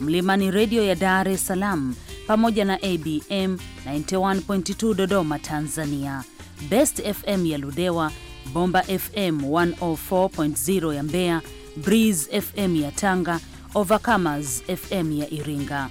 Mlimani Redio ya Dar es Salaam pamoja na ABM 91.2 Dodoma Tanzania, Best FM ya Ludewa, Bomba FM 104.0 ya Mbeya, Breeze FM ya Tanga, Overcomers FM ya Iringa,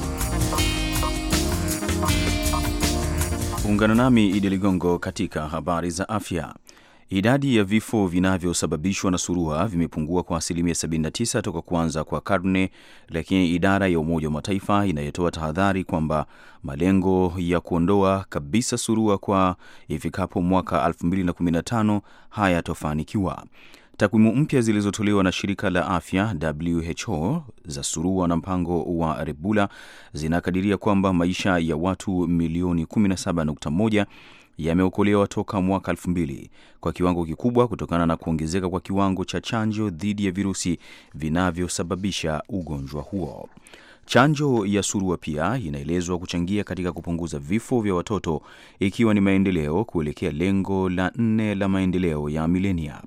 Ungana nami Idi Ligongo katika habari za afya. Idadi ya vifo vinavyosababishwa na surua vimepungua kwa asilimia 79 toka kuanza kwa karne, lakini idara ya Umoja wa Mataifa inayotoa tahadhari kwamba malengo ya kuondoa kabisa surua kwa ifikapo mwaka 2015 hayatofanikiwa. Takwimu mpya zilizotolewa na shirika la afya WHO za surua na mpango wa Rebula zinakadiria kwamba maisha ya watu milioni 17.1 yameokolewa toka mwaka mbili kwa kiwango kikubwa kutokana na kuongezeka kwa kiwango cha chanjo dhidi ya virusi vinavyosababisha ugonjwa huo. Chanjo ya surua pia inaelezwa kuchangia katika kupunguza vifo vya watoto, ikiwa ni maendeleo kuelekea lengo la nne la maendeleo ya milenia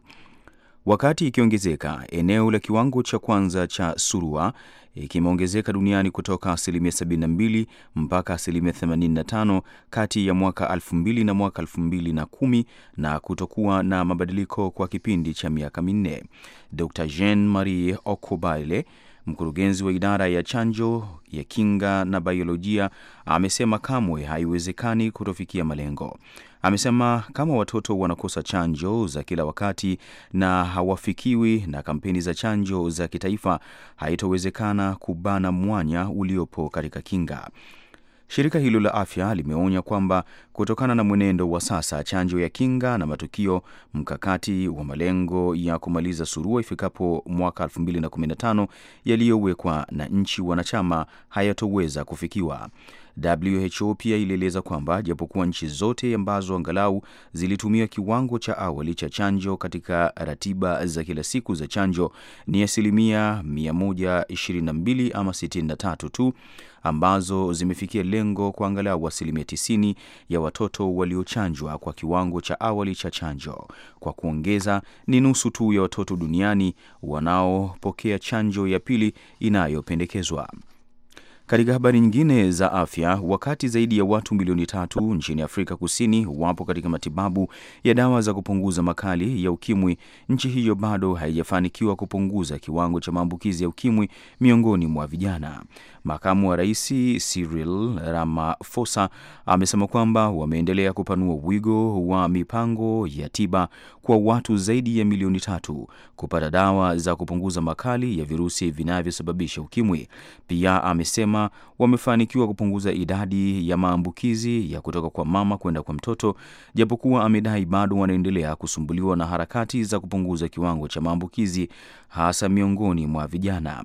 wakati ikiongezeka. Eneo la kiwango cha kwanza cha surua ikimeongezeka e, duniani kutoka asilimia 72 mpaka asilimia 85 kati ya mwaka 2000 na mwaka 2010 na kutokuwa na mabadiliko kwa kipindi cha miaka minne. Dr Jean Marie Okobale mkurugenzi wa idara ya chanjo ya kinga na biolojia amesema kamwe haiwezekani kutofikia malengo. Amesema kama watoto wanakosa chanjo za kila wakati na hawafikiwi na kampeni za chanjo za kitaifa, haitowezekana kubana mwanya uliopo katika kinga. Shirika hilo la afya limeonya kwamba kutokana na mwenendo wa sasa, chanjo ya kinga na matukio mkakati wa malengo ya kumaliza surua ifikapo mwaka 2015 yaliyowekwa na nchi wanachama hayatoweza kufikiwa. WHO pia ilieleza kwamba japokuwa nchi zote ambazo angalau zilitumia kiwango cha awali cha chanjo katika ratiba za kila siku za chanjo ni asilimia 122 ama 63 tu ambazo zimefikia lengo kwa angalau asilimia 90 ya watoto waliochanjwa kwa kiwango cha awali cha chanjo. Kwa kuongeza, ni nusu tu ya watoto duniani wanaopokea chanjo ya pili inayopendekezwa. Katika habari nyingine za afya, wakati zaidi ya watu milioni tatu nchini Afrika Kusini wapo katika matibabu ya dawa za kupunguza makali ya ukimwi, nchi hiyo bado haijafanikiwa kupunguza kiwango cha maambukizi ya ukimwi miongoni mwa vijana. Makamu wa Rais Cyril Ramaphosa amesema kwamba wameendelea kupanua wigo wa mipango ya tiba kwa watu zaidi ya milioni tatu kupata dawa za kupunguza makali ya virusi vinavyosababisha ukimwi. Pia amesema wamefanikiwa kupunguza idadi ya maambukizi ya kutoka kwa mama kwenda kwa mtoto, japokuwa amedai bado wanaendelea kusumbuliwa na harakati za kupunguza kiwango cha maambukizi hasa miongoni mwa vijana.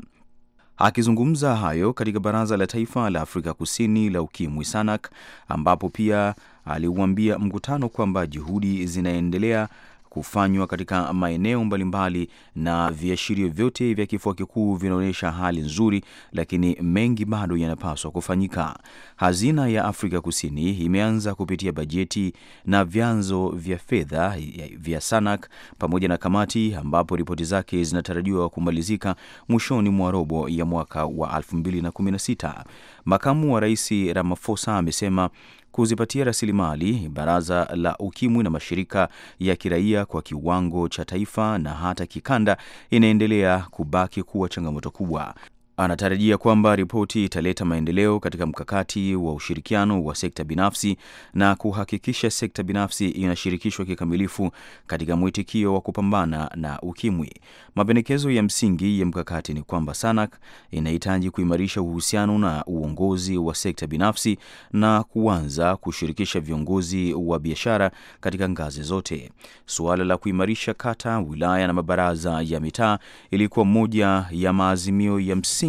Akizungumza hayo katika Baraza la Taifa la Afrika Kusini la Ukimwi SANAK ambapo pia aliuambia mkutano kwamba juhudi zinaendelea kufanywa katika maeneo mbalimbali, na viashirio vyote vya kifua kikuu vinaonyesha hali nzuri, lakini mengi bado yanapaswa kufanyika. Hazina ya Afrika Kusini imeanza kupitia bajeti na vyanzo vya fedha vya SANAK pamoja na kamati, ambapo ripoti zake zinatarajiwa kumalizika mwishoni mwa robo ya mwaka wa 2016. Makamu wa Rais Ramaphosa amesema kuzipatia rasilimali Baraza la Ukimwi na mashirika ya kiraia kwa kiwango cha taifa na hata kikanda inaendelea kubaki kuwa changamoto kubwa anatarajia kwamba ripoti italeta maendeleo katika mkakati wa ushirikiano wa sekta binafsi na kuhakikisha sekta binafsi inashirikishwa kikamilifu katika mwitikio wa kupambana na ukimwi. Mapendekezo ya msingi ya mkakati ni kwamba SANAK inahitaji kuimarisha uhusiano na uongozi wa sekta binafsi na kuanza kushirikisha viongozi wa biashara katika ngazi zote. Suala la kuimarisha kata, wilaya na mabaraza ya mitaa ilikuwa moja ya maazimio ya msingi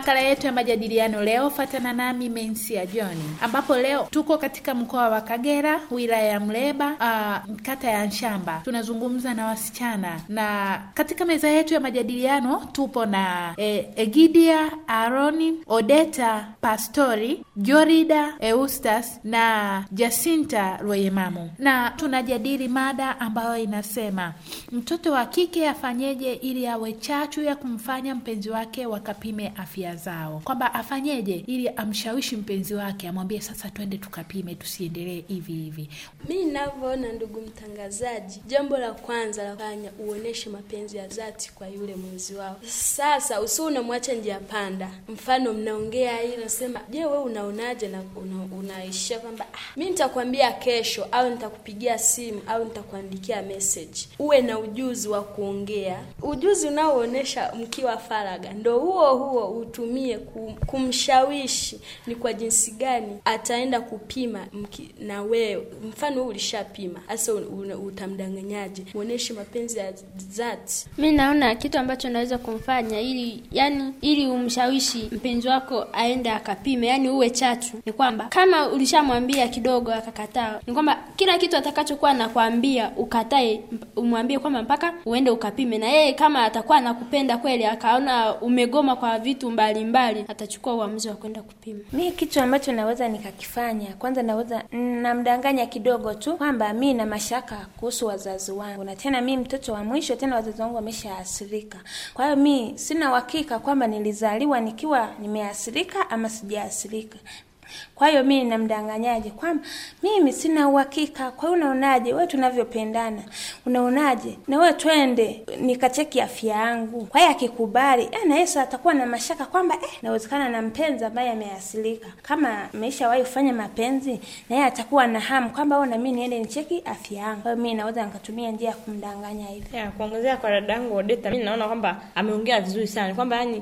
makala yetu ya majadiliano leo, fatana nami Mensia joni ambapo leo tuko katika mkoa wa Kagera, wilaya ya Mleba, uh, kata ya Nshamba. Tunazungumza na wasichana, na katika meza yetu ya majadiliano tupo na eh, Egidia Aroni, Odeta Pastori, Jorida Eustas na Jasinta rweyemamu na tunajadili mada ambayo inasema mtoto wa kike afanyeje ili awe chachu ya kumfanya mpenzi wake wakapime afya shida zao, kwamba afanyeje ili amshawishi mpenzi wake, amwambie sasa twende tukapime, tusiendelee hivi hivi. Mi ninavyoona, ndugu mtangazaji, jambo la kwanza la kufanya uoneshe mapenzi ya dhati kwa yule mwenzi wao. Sasa usio unamwacha njia panda, mfano mnaongea hii, nasema, je, we unaonaje? na unaishia una kwamba ah, mi nitakwambia kesho au nitakupigia simu au nitakuandikia message. Uwe na ujuzi wa kuongea, ujuzi unaoonesha mkiwa faraga, ndo huo huo utu nitumie kumshawishi ni kwa jinsi gani ataenda kupima mki, na wewe mfano ulishapima hasa utamdanganyaje? Muoneshe mapenzi ya dhati. Mi naona kitu ambacho naweza kumfanya ili yani, ili umshawishi mpenzi wako aende akapime, yani uwe chatu, ni kwamba kama ulishamwambia kidogo akakataa, ni kwamba kila kitu atakachokuwa nakwambia ukatae, umwambie kwamba mpaka uende ukapime, na yeye kama atakuwa anakupenda kweli, akaona umegoma kwa vitu mbali mbalimbali atachukua uamuzi wa kwenda kupima. Mi kitu ambacho naweza nikakifanya, kwanza naweza namdanganya kidogo tu kwamba mi na mashaka kuhusu wazazi wangu, na tena mi mtoto wa mwisho, tena wazazi wangu wameshaathirika. Kwa hiyo mi sina uhakika kwamba nilizaliwa nikiwa nimeathirika ama sijaathirika. Kwa hiyo mimi namdanganyaje kwamba mimi sina uhakika. Kwa hiyo unaonaje wewe, tunavyopendana unaonaje na wewe, twende nikacheki afya yangu. Kwa hiyo akikubali, eh, na Yesu atakuwa na mashaka kwamba eh, nawezekana na mpenzi ambaye ameasilika kama ameshawahi kufanya mapenzi, na yeye atakuwa na hamu kwamba au oh, na mimi niende nicheki afya yangu. Kwa hiyo mimi naweza nikatumia njia ya kumdanganya hivi. Yeah, kuongezea kwa dadangu Odeta, mimi naona kwamba ameongea vizuri sana kwamba yani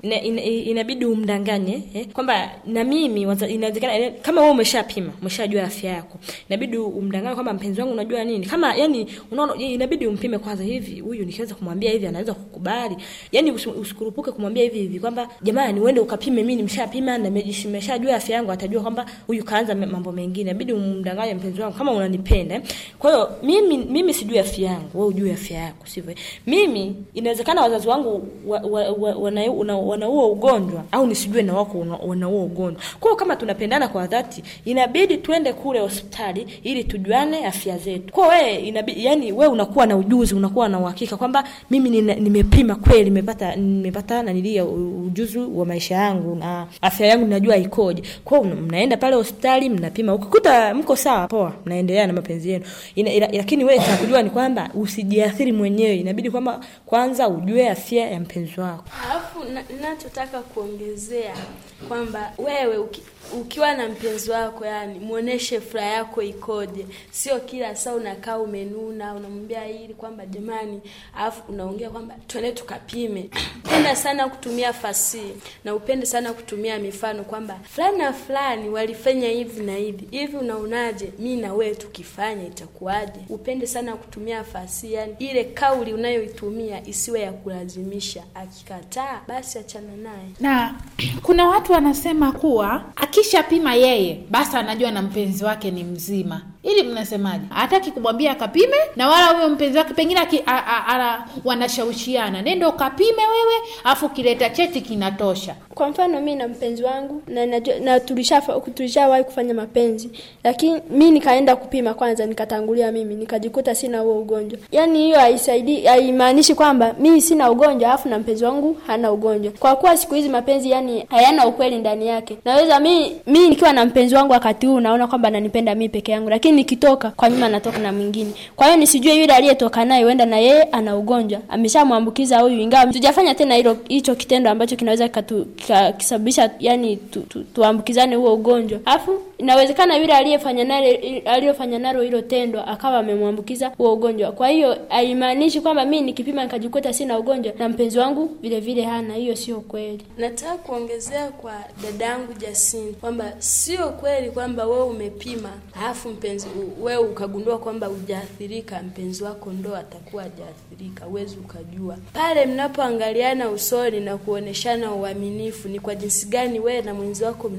inabidi umdanganye eh, kwamba na mimi inawezekana eh, kama wewe umeshapima, umeshajua afya yako, inabidi umdanganye kwamba mpenzi wangu, unajua nini? Kama yani unaona, inabidi umpime kwanza, hivi huyu nikiweza kumwambia hivi anaweza kukubali? Yani usikurupuke kumwambia hivi hivi kwamba jamani, uende ukapime, mimi nimeshapima na nimeshajua afya yangu, atajua kwamba huyu kaanza mambo mengine. Inabidi umdanganye mpenzi wangu kama unanipenda. Kwa hiyo mimi mimi sijui afya yangu, wewe ujue afya yako, sivyo? Mimi inawezekana wazazi wangu wa, wa, wa, wa, wana, wana, wana ugonjwa au nisijue na wako wana, ugonjwa. Kwa kama tunapendana kwa that inabidi twende kule hospitali ili tujuane afya zetu. Kwa wewe inabidi yani, wewe unakuwa na ujuzi, unakuwa na uhakika kwamba mimi nimepima ni kweli, nimepata nimepata na nilia ujuzi wa maisha yangu na afya yangu, najua ikoje. Kwa hiyo mnaenda pale hospitali, mnapima, ukikuta mko sawa, poa, mnaendelea na mapenzi yenu. Lakini wewe cha kujua ni kwamba usijiathiri mwenyewe, inabidi kwamba kwanza ujue afya ya mpenzi wako. Alafu ninachotaka kuongezea kwamba wewe uki ukiwa na mpenzi wako, yani muoneshe furaha yako ikoje, sio kila saa unakaa umenuna, unamwambia ili kwamba jamani, alafu unaongea kwamba twende tukapime. Penda sana kutumia fasihi na upende sana kutumia mifano kwamba fulani na fulani walifanya hivi na hivi hivi, unaonaje? Mi na wewe tukifanya itakuwaje? Upende sana kutumia fasihi, yani ile kauli unayoitumia isiwe ya kulazimisha. Akikataa basi achana naye. Na kuna watu wanasema kuwa aki akishapima yeye, basi anajua na mpenzi wake ni mzima ili mnasemaje? Hataki kumwambia akapime, na wala huyo mpenzi wake pengine wanashaushiana nendo kapime wewe, afu kileta cheti kinatosha. Kwa mfano mi na mpenzi wangu na, na, na tulishawahi kufanya mapenzi, lakini mi nikaenda kupima kwanza, nikatangulia mimi nikajikuta sina huo ugonjwa. Yani hiyo haisaidii, haimaanishi kwamba mi sina ugonjwa alafu na mpenzi wangu hana ugonjwa, kwa kuwa siku hizi mapenzi yani hayana ukweli ndani yake. Naweza mi, mi nikiwa na mpenzi wangu wakati huu naona kwamba nanipenda mi peke yangu, lakini lakini nikitoka kwa mimi anatoka na mwingine. Kwa hiyo nisijue yule aliyetoka naye huenda na yeye ana ugonjwa ameshamwambukiza huyu, ingawa tujafanya tena hilo hicho kitendo ambacho kinaweza kisababisha yani tu, tu, tuambukizane huo ugonjwa. Alafu inawezekana yule aliyefanya naye aliyofanya nalo hilo tendo akawa amemwambukiza huo ugonjwa. Kwa hiyo haimaanishi kwamba mimi nikipima nikajikuta sina ugonjwa na mpenzi wangu vile vile hana. Hiyo sio kweli. Nataka kuongezea kwa dadangu Jasin kwamba sio kweli kwamba wewe umepima alafu mpenzi mpenzi wewe ukagundua kwamba ujaathirika mpenzi wako ndo atakuwa ajaathirika uwezi ukajua. Pale mnapoangaliana usoni na kuoneshana uaminifu, ni kwa jinsi gani wewe na mwenzi wako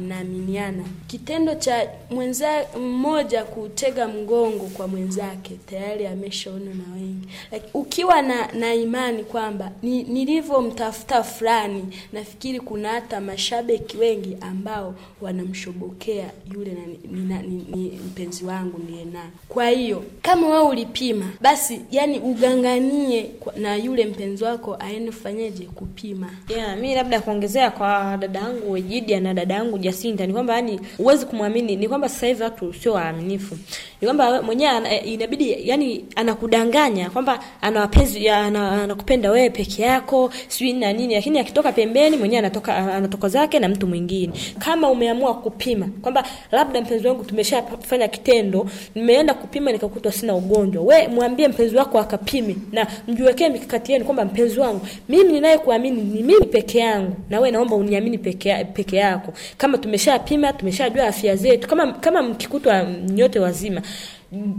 mnaaminiana. Mna kitendo cha mwenza mmoja kutega mgongo kwa mwenzake tayari ameshaona na wengi like, ukiwa na, na imani kwamba ni, nilivyomtafuta fulani, nafikiri kuna hata mashabiki wengi ambao wanamshobokea yule na, ni, ni, ni, ni, mpenzi wangu ndiye naye. Kwa hiyo kama wewe ulipima, basi yani uganganie na yule mpenzi wako aende ufanyeje kupima. Yeah, mi labda kuongezea kwa dada yangu Wejidia na dada yangu Jasinta ni kwamba yani huwezi kumwamini, ni kwamba sasa hivi watu sio waaminifu, ni kwamba mwenyewe inabidi yani anakudanganya kwamba ana wapenzi, anakupenda wewe peke yako sijui na nini, lakini akitoka pembeni mwenyewe anatoka anatoka zake na mtu mwingine. Kama umeamua kupima kwamba labda mpenzi wangu tumeshafanya kitendo, nimeenda kupima nikakutwa sina ugonjwa. We mwambie mpenzi wako akapime na mjiwekee mikakati yenu kwamba mpenzi wangu, mimi ninayekuamini ni mimi peke yangu, na we naomba uniamini peke, peke yako. Kama tumeshapima tumeshajua afya zetu, kama kama mkikutwa nyote wazima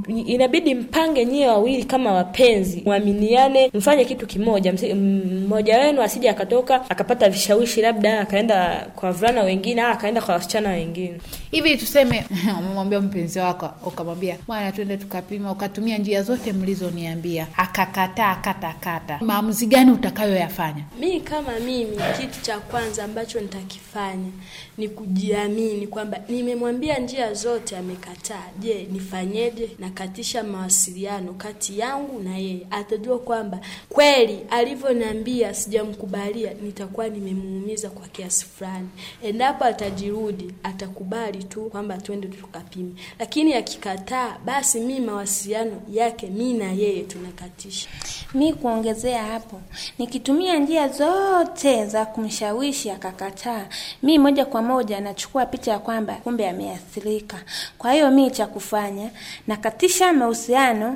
inabidi mpange nyie wawili kama wapenzi, mwaminiane, mfanye kitu kimoja, mmoja wenu asije akatoka akapata vishawishi, labda akaenda kwa vulana wengine akaenda kwa wasichana wengine. Hivi tuseme umemwambia mpenzi wako, ukamwambia bwana, twende tukapima, ukatumia njia zote mlizoniambia, akakataa katakata, maamuzi gani utakayoyafanya? Mi kama mimi, kitu cha kwanza ambacho nitakifanya ni kujiamini kwamba nimemwambia njia zote, amekataa. Je, nifanyeje? asije nakatisha mawasiliano kati yangu na yeye. Atajua kwamba kweli alivyoniambia sijamkubalia, nitakuwa nimemuumiza kwa kiasi fulani. Endapo atajirudi, atakubali tu kwamba twende tukapime, lakini akikataa, basi mi mawasiliano yake mi na yeye tunakatisha. Mi kuongezea hapo, nikitumia njia zote za kumshawishi akakataa, mi moja kwa moja nachukua picha ya kwamba kumbe ameathirika. Kwa hiyo mi cha kufanya na katisha mahusiano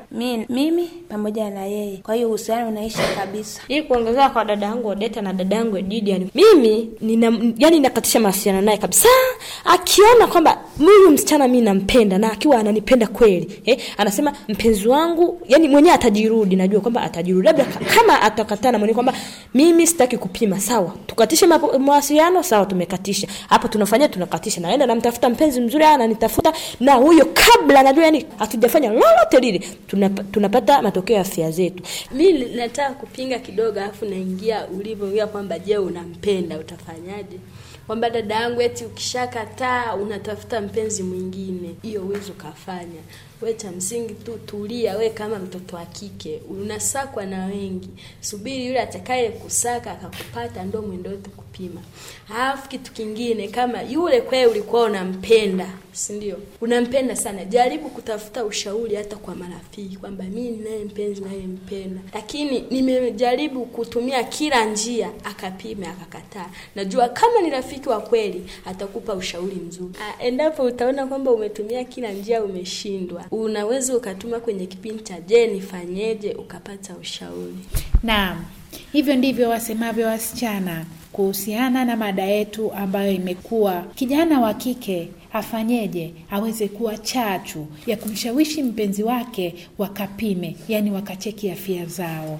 mimi pamoja na yeye. Kwa hiyo uhusiano unaisha kabisa. ili kuongezea kwa dada yangu Odeta na dada yangu Edidian, mimi nina, yani nakatisha mahusiano naye kabisa, akiona kwamba mimi msichana mimi nampenda na akiwa ananipenda kweli eh, anasema mpenzi wangu, yani mwenyewe atajirudi, najua kwamba atajirudi, labda kama atakataa na mwenyewe kwamba mimi sitaki kupima, sawa, tukatishe mawasiliano, sawa, tumekatisha hapo, tunafanya tunakatisha, naenda namtafuta mpenzi mzuri, ananitafuta na huyo, kabla najua yani hatujafanya lolote lile, tunapata matokeo ya afya zetu. Mi nataka kupinga kidogo, alafu naingia ulivyoongea kwamba je, unampenda utafanyaje? kwamba dada yangu, eti ukishakataa unatafuta mpenzi mwingine, hiyo uwezo kafanya we cha msingi tu tulia, we kama mtoto wa kike unasakwa na wengi, subiri yule atakaye kusaka akakupata, ndo mwendo wetu kupima. Alafu kitu kingine, kama yule kweli ulikuwa unampenda, si ndio? Unampenda sana, jaribu kutafuta ushauri hata kwa marafiki kwamba mimi ninaye mpenzi naye mpenda, lakini nimejaribu kutumia kila njia, akapime akakataa. Najua kama ni rafiki wa kweli atakupa ushauri mzuri. Ah, endapo utaona kwamba umetumia kila njia umeshindwa unaweza ukatuma kwenye kipindi cha Je nifanyeje, ukapata ushauri. Naam, hivyo ndivyo wasemavyo wasichana kuhusiana na mada yetu ambayo imekuwa kijana wa kike afanyeje aweze kuwa chachu ya kumshawishi mpenzi wake wakapime, yaani wakacheki afya zao.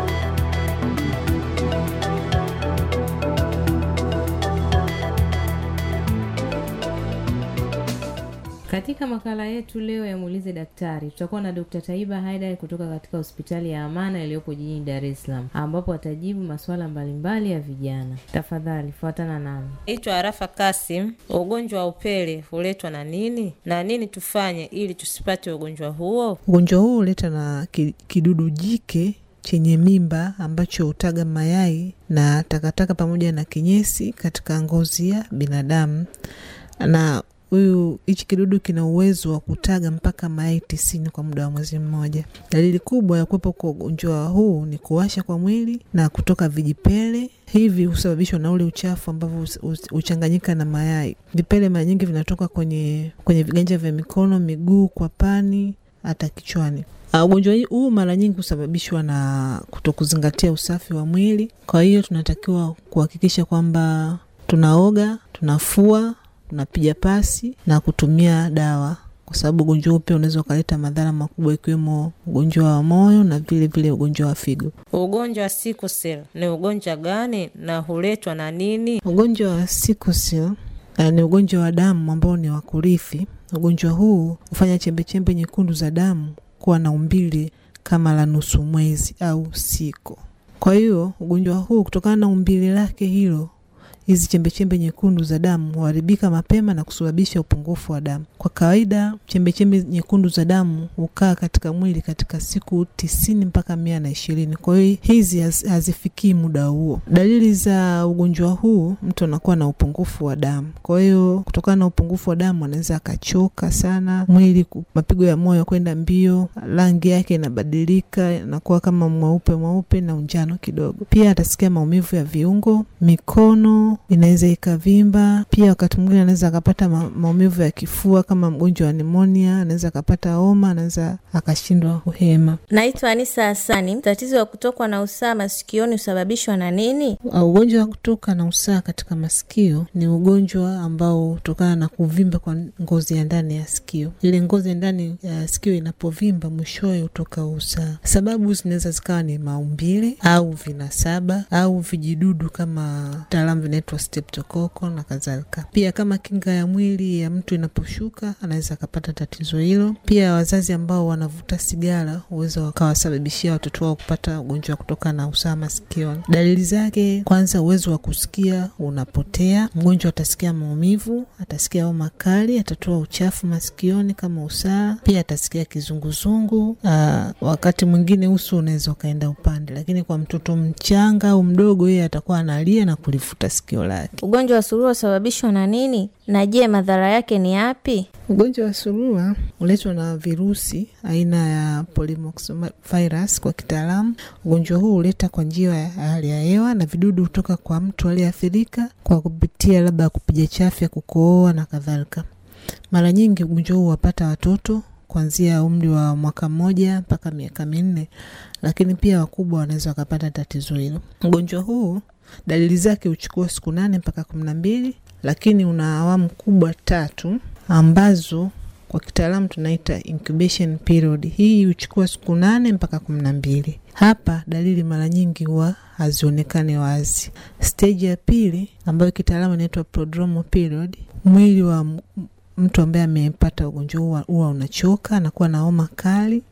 Katika makala yetu leo ya muulize daktari, tutakuwa na Dkt. Taiba haida kutoka katika hospitali ya Amana iliyopo jijini Dar es Salaam, ambapo atajibu masuala mbalimbali ya vijana. Tafadhali fuatana nami. Naitwa Arafa Kasim. Ugonjwa wa upele huletwa na nini na nini tufanye ili tusipate ugonjwa huo? Ugonjwa huo huletwa na kidudu jike chenye mimba ambacho hutaga mayai na takataka pamoja na kinyesi katika ngozi ya binadamu na huyu hichi kidudu kina uwezo wa kutaga mpaka mayai tisini kwa muda wa mwezi mmoja. Dalili kubwa ya kuwepo kwa ugonjwa huu ni kuwasha kwa mwili na kutoka vijipele hivi husababishwa na ule uchafu ambavyo huchanganyika na mayai. Vipele mara nyingi vinatoka kwenye kwenye viganja vya mikono, miguu, kwa pani, hata kichwani. Ah, ugonjwa huu mara nyingi husababishwa na kutokuzingatia usafi wa mwili. Kwa hiyo tunatakiwa kuhakikisha kwamba tunaoga, tunafua tunapiga pasi na kutumia dawa kwa sababu ugonjwa huu pia unaweza ukaleta madhara makubwa ikiwemo ugonjwa wa moyo na vile vile ugonjwa wa figo. Ugonjwa wa sickle ni ugonjwa gani na huletwa na nini? Ugonjwa wa sickle eh, ni ugonjwa wa damu ambao ni wa kurithi. Ugonjwa huu hufanya chembechembe nyekundu za damu kuwa na umbile kama la nusu mwezi au siko. Kwa hiyo ugonjwa huu kutokana na umbile lake hilo hizi chembechembe nyekundu za damu huharibika mapema na kusababisha upungufu wa damu. Kwa kawaida chembechembe nyekundu za damu hukaa katika mwili katika siku tisini mpaka mia na ishirini. Kwa hiyo hizi hazifikii muda huo. Dalili za ugonjwa huu, mtu anakuwa na upungufu wa damu. Kwa hiyo kutokana na upungufu wa damu anaweza akachoka sana, mwili, mapigo ya moyo kwenda mbio, rangi yake inabadilika, inakuwa kama mweupe mweupe na unjano kidogo. Pia atasikia maumivu ya viungo, mikono inaweza ikavimba. Pia wakati mwingine anaweza akapata maumivu ya kifua kama mgonjwa wa nimonia, anaweza akapata homa, anaweza akashindwa kuhema. Naitwa Anisa Hasani. Tatizo ya kutokwa na usaha masikioni husababishwa na nini? Ugonjwa wa kutoka na usaha katika masikio ni ugonjwa ambao hutokana na kuvimba kwa ngozi ya ndani ya sikio. Ile ngozi ya ndani ya sikio inapovimba, mwishowe hutoka usaha. Sababu zinaweza zikawa ni maumbile au vinasaba au vijidudu kama taalamu inaitwa streptokoko na kadhalika. Pia kama kinga ya mwili ya mtu inaposhuka, anaweza akapata tatizo hilo. Pia wazazi ambao wanavuta sigara huweza wakawasababishia watoto wao kupata ugonjwa kutoka na usaha masikioni. Dalili zake, kwanza, uwezo wa kusikia unapotea. Mgonjwa atasikia maumivu, atasikia homa kali, atatoa uchafu masikioni kama usaha. Pia atasikia kizunguzungu. Aa, wakati mwingine uso unaweza ukaenda upande, lakini kwa mtoto mchanga au mdogo, yeye atakuwa analia na kulivuta sikio tukio lake. Ugonjwa wa surua husababishwa na nini, na je, madhara yake ni yapi? Ugonjwa wa surua huletwa na virusi aina ya polimoxvirus kwa kitaalamu. Ugonjwa huu huleta kwa njia ya hali ya hewa na vidudu kutoka kwa mtu aliyeathirika kwa kupitia labda kupiga chafya, kukohoa na kadhalika. Mara nyingi ugonjwa huu huwapata watoto kuanzia umri wa mwaka mmoja mpaka miaka minne, lakini pia wakubwa wanaweza wakapata tatizo hilo. Ugonjwa huu Dalili zake huchukua siku nane mpaka kumi na mbili, lakini una awamu kubwa tatu ambazo kwa kitaalamu tunaita incubation period. Hii huchukua siku nane mpaka kumi na mbili. Hapa dalili mara nyingi huwa hazionekani wazi. steji ya pili ambayo kitaalamu inaitwa prodromal period, mwili wa mtu ambaye amepata ugonjwa huwa unachoka, anakuwa na homa kali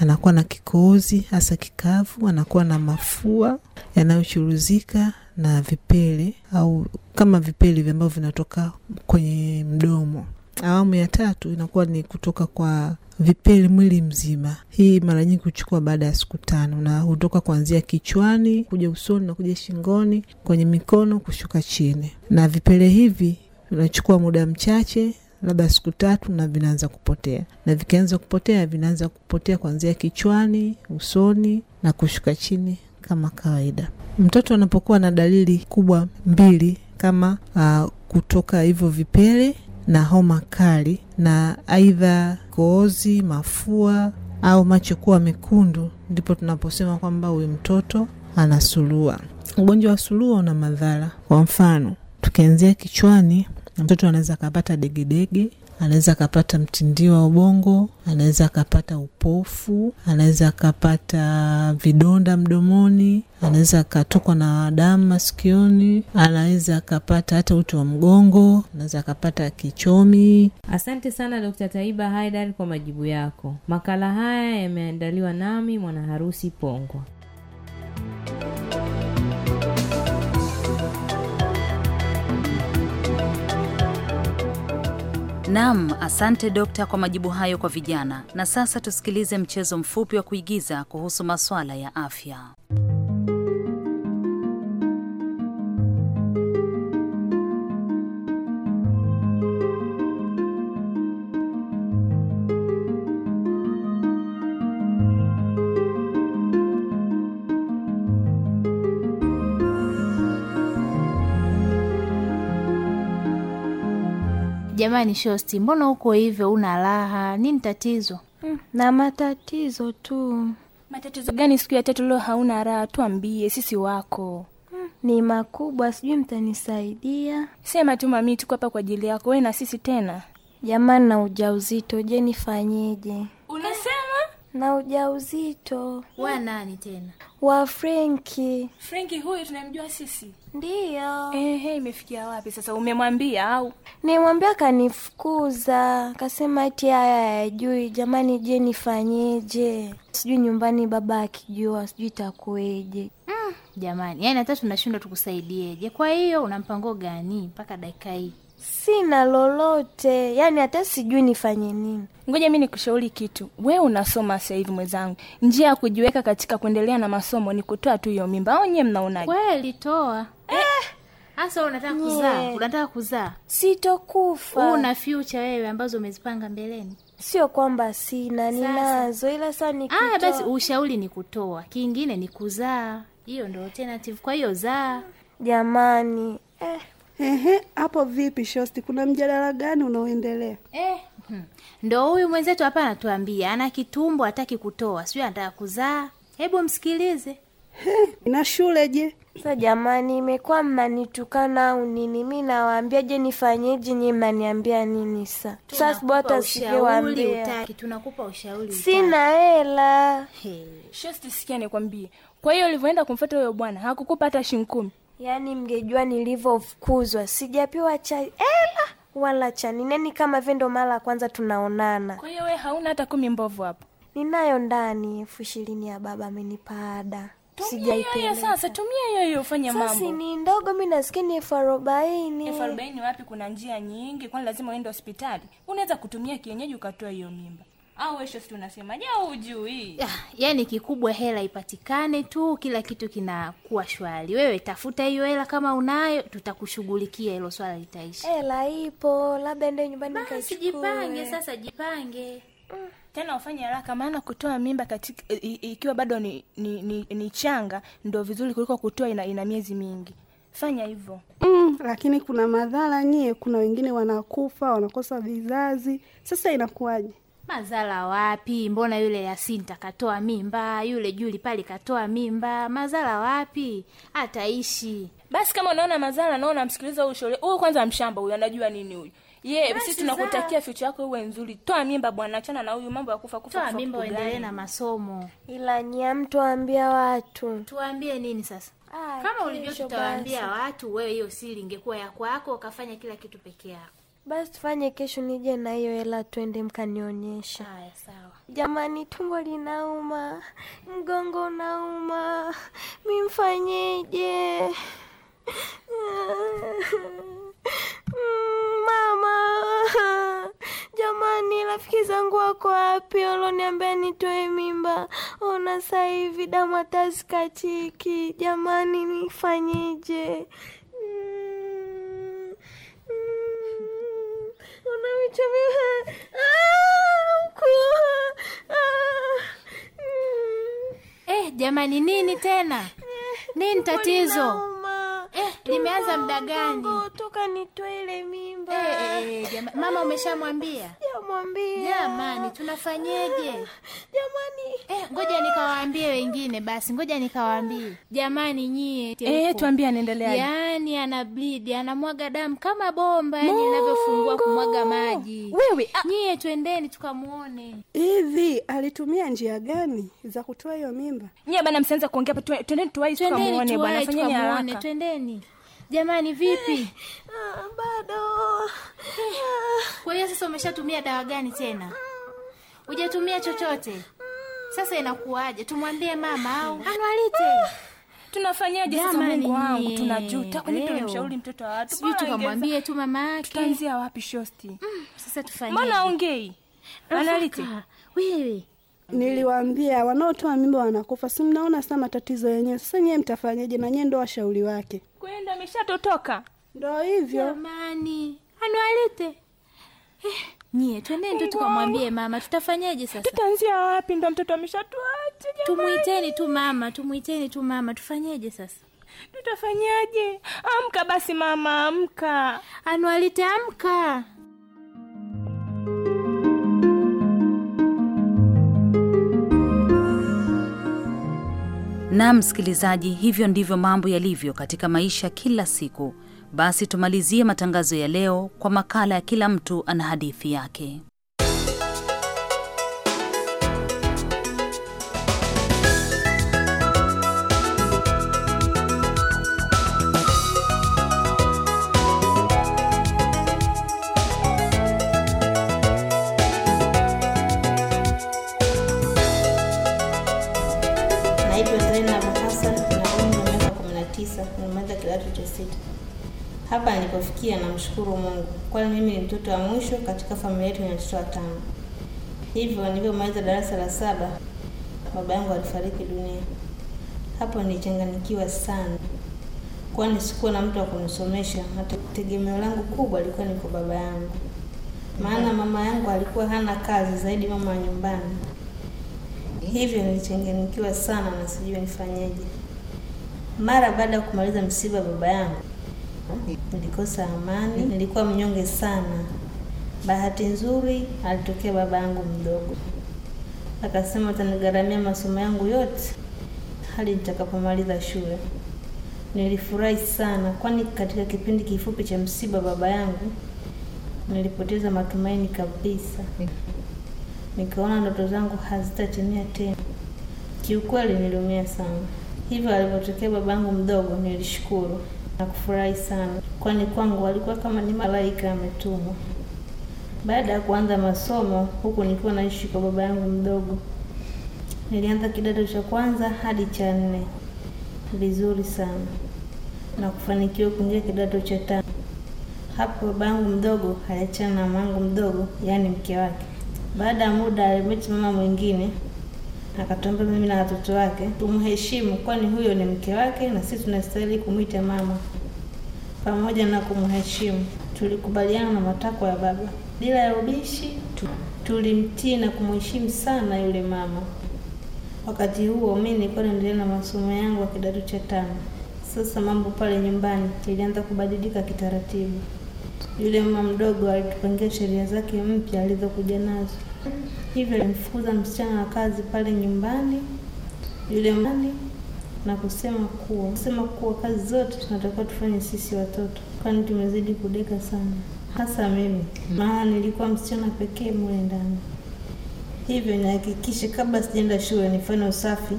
anakuwa na kikohozi hasa kikavu, anakuwa na mafua yanayochuruzika na vipele au kama vipele ambavyo vinatoka kwenye mdomo. Awamu ya tatu inakuwa ni kutoka kwa vipele mwili mzima. Hii mara nyingi huchukua baada ya siku tano na hutoka kuanzia kichwani kuja usoni na kuja shingoni, kwenye mikono kushuka chini, na vipele hivi vinachukua muda mchache labda siku tatu na vinaanza kupotea, na vikianza kupotea vinaanza kupotea kuanzia kichwani, usoni na kushuka chini kama kawaida. Mtoto anapokuwa na dalili kubwa mbili kama uh, kutoka hivyo vipele na homa kali na aidha koozi, mafua au macho kuwa mekundu, ndipo tunaposema kwamba huyu mtoto ana surua. Ugonjwa wa surua una madhara. Kwa mfano, tukianzia kichwani, Mtoto anaweza akapata degedege, anaweza akapata mtindio wa ubongo, anaweza akapata upofu, anaweza akapata vidonda mdomoni, anaweza akatokwa na damu masikioni, anaweza akapata hata uti wa mgongo, anaweza akapata kichomi. Asante sana dokt Taiba Haidar kwa majibu yako. Makala haya yameandaliwa nami Mwanaharusi Pongwa. Naam, asante dokta kwa majibu hayo kwa vijana. Na sasa tusikilize mchezo mfupi wa kuigiza kuhusu masuala ya afya. Jamani shosti, mbona huko hivyo una raha? Nini tatizo? Mm, na matatizo tu. Matatizo gani siku ya tatu leo hauna raha? Tuambie, sisi wako. Mm, ni makubwa, sijui mtanisaidia. Sema tu mami, tuko hapa kwa ajili yako, we na sisi tena. Jamani, na ujauzito, je, nifanyeje? Unasema na ujauzito wa nani tena? wa Frenki. Frenki huyu tunamjua sisi, ndiyo. Ehe, imefikia wapi sasa? Umemwambia au? Nimwambia, kanifukuza kasema ati haya hayajui. Jamani, je, nifanyeje? Sijui nyumbani baba akijua, sijui takueje Mm, jamani, yani hata tunashindwa tukusaidieje? Kwa hiyo una mpango gani mpaka dakika hii? Sina lolote, yaani hata sijui nifanye nini. Ngoja mi nikushauri kitu, we unasoma sasa hivi mwenzangu, njia ya kujiweka katika kuendelea na masomo ni kutoa tu hiyo mimba. Au nyie mnaonaje? toa eh! Eh! hasa eh. Unataka kuzaa, unataka kuzaa, sitokufa. Una fyucha wewe ambazo umezipanga mbeleni Sio kwamba sina, ninazo, ila saa nikitoa. Ah, basi ushauri ni kutoa, kingine ni kuzaa. Hiyo ndo alternative. Kwa hiyo zaa, jamani eh. Ehe, hapo vipi shosti, kuna mjadala gani unaoendelea eh? Hmm. Ndo huyu mwenzetu hapa anatuambia ana kitumbo, hataki kutoa, sio anataka kuzaa. Hebu msikilize. He, na shule je? Sasa jamani, imekuwa mnanitukana au nini? Mi nawaambiaje? Nifanyeje? Nyie mnaniambia nini? Sa sasa bota sikiwaambia, tunakupa ushauri. Sina hela. Shosti, sikia nikwambie. Kwa hiyo ulivyoenda kumfuata huyo bwana hakukupa hata shilingi kumi. Yaani mgejua nilivyofukuzwa, sijapewa cha ela wala cha nineni, kama vile ndo mara ya kwanza tunaonana. Kwa hiyo we hauna hata kumi mbovu hapo? Ninayo ndani elfu ishirini ya baba amenipa ada Sasa tumia hiyo hiyo ufanye mambo. ni ndogo mimi nasikia ni elfu arobaini. Elfu arobaini wapi? Kuna njia nyingi, kwani lazima uende hospitali? Unaweza kutumia kienyeji ukatoa hiyo mimba au esho si tunasema je, hujui? Yaani kikubwa hela ipatikane tu, kila kitu kinakuwa shwari. Wewe tafuta hiyo hela, kama unayo tutakushughulikia, hilo swala litaisha. Hela ipo, labda ende nyumbani basi Jipange sasa, jipange mm. Tena ufanye haraka, maana kutoa mimba katika ikiwa bado ni, ni, ni, ni changa ndo vizuri kuliko kutoa ina, ina miezi mingi fanya hivyo mm, lakini kuna madhara nyie, kuna wengine wanakufa wanakosa vizazi. Sasa inakuwaje? mazala wapi? Mbona yule Yasinta katoa mimba, yule Juli pale katoa mimba, mazala wapi? Ataishi basi. Kama unaona mazala, naona msikiliza huyu shule huyu, kwanza mshamba huyu, anajua nini huyu ye yeah, sisi tunakutakia future yako iwe nzuri. Toa mimba bwana, achana na huyu mambo ya kufa kufa. Toa mimba uendelee na masomo. Ila nyamtuambia watu tuambie nini sasa? Ay, ah, kama ulijua watu, wewe hiyo siri ingekuwa ya kwako, ukafanya kila kitu peke yako. Basi tufanye kesho, nije na hiyo hela, twende mkanionyesha. sawa. Jamani, tumbo linauma, mgongo unauma, mimfanyeje? Mm, mama jamani, rafiki zangu wako wapi? Walioniambia nitoe mimba, ona sahivi damu atazikatiki. Jamani, nifanyeje? deixa eu ver. Ah, Ah. Eh, jamani nini tena? Nini tatizo? Eh, eh nimeanza muda gani? Toka nitoe ile mimba. Eh, eh, eh, jama, mama umeshamwambia? Sijamwambia. Jamani, tunafanyeje? Ah, Eh, ngoja nikawaambie wengine basi, ngoja nikawaambie jamani, nyie eh, tuambie anaendelea. Yaani anablidi anamwaga damu kama bomba, yani anavyofungua kumwaga maji. Wewe a... Ah! nyie twendeni tukamuone. Hivi alitumia njia gani za kutoa hiyo mimba? Nyie bana, msianza kuongea hapa, twendeni tuwai tukamuone bwana, fanyeni haraka, twendeni. Jamani, vipi? Eh, ah, Bado. Eh, kwa hiyo sasa umeshatumia dawa gani tena? Ah. ujatumia chochote? Sasa inakuwaje? Tumwambie mama au ah, anwalite? Ah. Tunafanyaje sasa? Mungu wangu, eh, tunajuta. Kwani tunamshauri mtoto wa watu, sijui tukamwambie tu mama yake. Tutaanzia wapi shosti? Mm, sasa tufanyaje? Mbona ongei analite wewe? Niliwaambia wanaotoa mimba wanakufa, si mnaona sana matatizo yenyewe. Sasa nyewe mtafanyaje? Na nyewe ndo washauri wake, kwenda ameshatotoka, ndo hivyo jamani, anwalite eh nyie, twendeni tu tukamwambie mama. Tutafanyaje sasa? Tutaanzia wapi? Ndo mtoto ameshatuacha. Tumwiteni tu mama, tumwiteni tu mama. Tufanyeje sasa? Tutafanyaje? Amka basi mama, amka. Anualite, amka. Na msikilizaji, hivyo ndivyo mambo yalivyo katika maisha kila siku. Basi tumalizie matangazo ya leo kwa makala ya kila mtu ana hadithi yake. namshukuru Mungu, kwani mimi ni mtoto wa mwisho katika familia yetu yenye watoto watano. Hivyo nilivyomaliza darasa la saba, baba yangu alifariki dunia. Hapo nilichanganyikiwa sana, kwani sikuwa na mtu wa kunisomesha. Hata tegemeo langu kubwa alikuwa ni kwa baba yangu, maana mama yangu alikuwa hana kazi zaidi mama wa nyumbani. Hivyo nilichanganyikiwa sana na sijui nifanyeje. Mara baada ya kumaliza msiba baba yangu nilikosa amani, nilikuwa mnyonge sana. Bahati nzuri alitokea baba yangu mdogo, akasema atanigharamia masomo yangu yote hadi nitakapomaliza shule. Nilifurahi sana, kwani katika kipindi kifupi cha msiba baba yangu nilipoteza matumaini kabisa, nikaona ndoto zangu hazitatimia tena. Kiukweli niliumia sana. Hivyo alipotokea yangu mdogo nilishukuru na kufurahi sana, kwani kwangu walikuwa kama ni malaika ametumwa. Baada ya kuanza masomo huku nikiwa naishi kwa baba yangu mdogo, nilianza kidato cha kwanza hadi cha nne vizuri sana na kufanikiwa kuingia kidato cha tano. Hapo baba yangu mdogo aliachana na mamangu mdogo, yaani mke wake. Baada ya muda alimeti mama mwingine akatuomba mimi na watoto wake tumheshimu, kwani huyo ni mke wake na sisi tunastahili kumwita mama pamoja na kumheshimu. Tulikubaliana na matakwa ya baba bila ya ubishi, tulimtii na kumheshimu sana yule mama. Wakati huo mi nilikuwa naendelea na masomo yangu ya kidato cha tano. Sasa mambo pale nyumbani ilianza kubadilika kitaratibu. Yule mama mdogo alitupangia sheria zake mpya alizokuja nazo hivyo alimfukuza msichana wa kazi pale nyumbani yule mani na kusema kuwa kusema kuwa kazi zote tunatakiwa tufanye sisi watoto, kwani tumezidi kudeka sana, hasa mimi, maana nilikuwa msichana pekee mule ndani. Hivyo nihakikishe kabla sijaenda shule nifanye usafi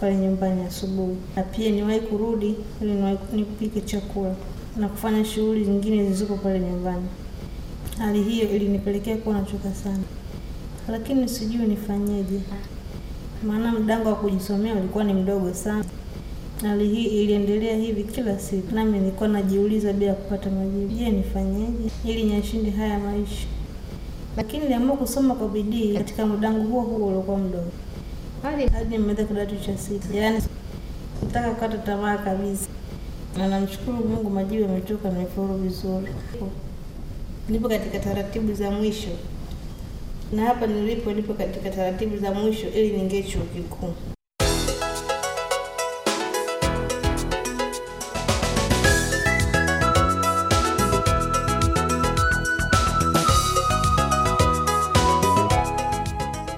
pale nyumbani asubuhi, na pia niwahi kurudi ili niwahi nipike chakula na kufanya shughuli zingine zilizoko pale nyumbani. Hali hiyo ilinipelekea kuwa nachoka sana lakini sijui nifanyeje, maana mdango wa kujisomea ulikuwa ni mdogo sana. Hali hii iliendelea hivi kila siku, nami nilikuwa najiuliza bila kupata majibu. Je, nifanyeje ili niyashinde haya maisha? Lakini niliamua kusoma kwa bidii katika mdango huo huo uliokuwa mdogo hadi nimeweza kidato cha sita. Yaani nataka kukata tamaa kabisa, na namshukuru Mungu majibu yametoka, nimefaulu vizuri. Nipo katika taratibu za mwisho na hapa nilipo nipo katika taratibu za mwisho ili niingie chuo kikuu.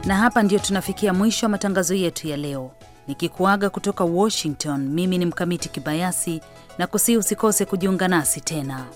Na hapa ndio tunafikia mwisho wa matangazo yetu ya leo, nikikuaga kutoka Washington. Mimi ni Mkamiti Kibayasi na kusii usikose kujiunga nasi tena.